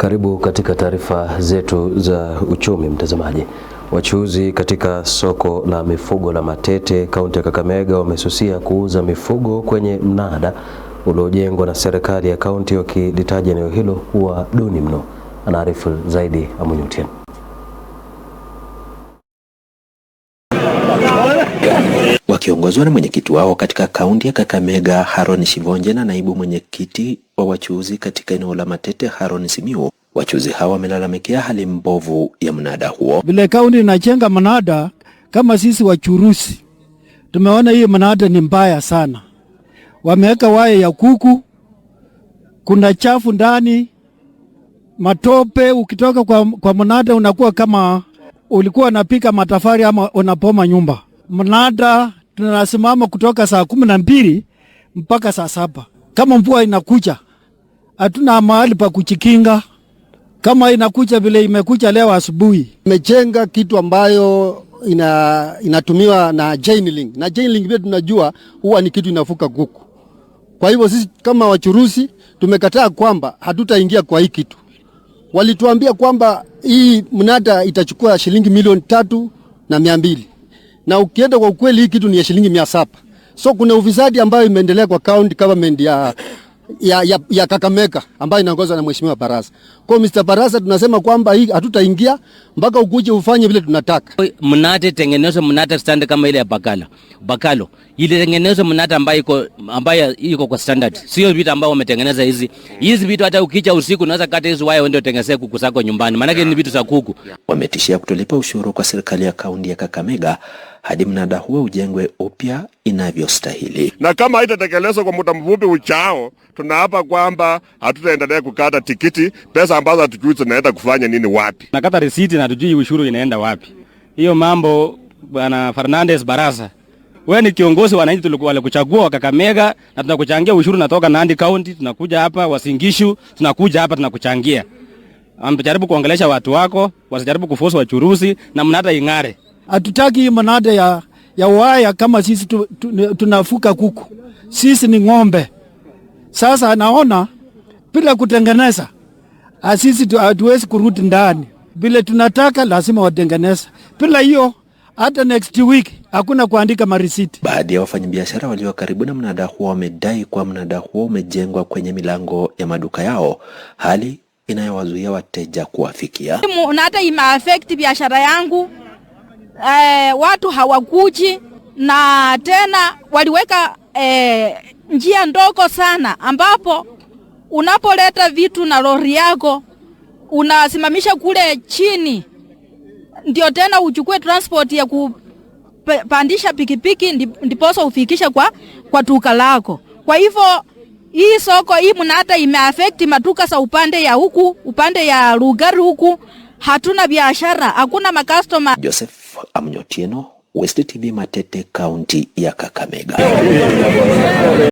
Karibu katika taarifa zetu za uchumi, mtazamaji. Wachuuzi katika soko la mifugo la Matete, kaunti ya Kakamega, wamesusia kuuza mifugo kwenye mnada uliojengwa na serikali ya kaunti, wakilitaja eneo hilo kuwa duni mno. Anaarifu zaidi Amunyutian. wakiongozwa na mwenyekiti wao katika kaunti ya Kakamega Haron Shivonje na naibu mwenyekiti wa wachuuzi katika eneo la Matete Haron Simiu. Wachuuzi hawa wamelalamikia hali mbovu ya mnada huo. Vile kaunti inachenga mnada, kama sisi wachuruzi tumeona hii mnada ni mbaya sana. Wameweka waya ya kuku, kuna chafu ndani, matope. Ukitoka kwa, kwa mnada unakuwa kama ulikuwa unapika matafari ama unapoma nyumba. Mnada tunasimama kutoka saa kumi na mbili mpaka saa saba. Kama mvua inakuja, hatuna mahali pa kuchikinga kama inakuja vile imekuja leo asubuhi. Imejenga kitu ambayo ina, inatumiwa na Chainlink. Na Chainlink tunajua huwa ni kitu inafuka kuku. Kwa hivyo sisi kama wachuruzi tumekataa kwamba hatutaingia kwa hii kitu. Walituambia kwamba hii mnada itachukua shilingi milioni tatu na mia mbili na ukienda kwa ukweli hii kitu ni ya shilingi mia saba. So kuna ufisadi ambayo imeendelea kwa county government ya ya, ya, ya Kakamega ambayo inaongozwa na mheshimiwa Barasa. Kwa Mr. Barasa tunasema kwamba hii hatutaingia mpaka ukuje ufanye vile tunataka. Mnate tengenezwe mnate stand kama ile ya Bakala. Bakalo. Ile tengenezwe mnate ambayo iko ambayo iko kwa standard. Sio vitu ambao wametengeneza hizi. Hizi vitu hata ukicha usiku unaweza kata hizo waya uende utengenezee kuku zako nyumbani. Maana ni vitu za kuku. Wametishia kutolipa ushuru kwa serikali ya kaunti ya Kakamega hadi mnada huo ujengwe upya inavyostahili. Na kama haitatekelezwa kwa muda mfupi uchao, tunaapa kwamba hatutaendelea kukata tikiti, pesa ambazo hatujui zinaenda kufanya nini wapi. Nakata risiti na hatujui ushuru inaenda wapi. Hiyo mambo bwana Fernandez Barasa, we ni kiongozi, wananchi walikuchagua Wakakamega na tunakuchangia ushuru, natoka Nandi County tunakuja hapa Wasingishu, tunakuja hapa tunakuchangia. Amjaribu kuongelesha watu wako, wasijaribu kufosa wachuruzi na mnata ing'are. Hatutaki hii manada ya, ya waya kama sisi tu, tu, tunafuka kuku. Sisi ni ng'ombe. Sasa naona bila kutengeneza ah, sisi hatuwezi kurudi ndani vile tunataka, lazima watengeneza. Bila hiyo hata next week hakuna kuandika marisiti. Baadhi ya wafanyabiashara walio karibu na mnada huo wamedai kuwa mnada huo umejengwa kwenye milango ya maduka yao, hali inayowazuia wateja kuwafikia. Hata imeafekti biashara yangu eh, watu hawakuji na tena waliweka eh, njia ndogo sana, ambapo unapoleta vitu na lori yako unasimamisha kule chini, ndio tena uchukue transport ya kupandisha pikipiki, ndiposa ufikisha kwa, kwa tuka lako. Kwa hivyo hii soko hii mnata imeaffect matuka sa upande ya huku, upande ya Lugari huku hatuna biashara, hakuna makastoma Joseph. Amnyotieno, West TV Matete, kaunti ya Kakamega.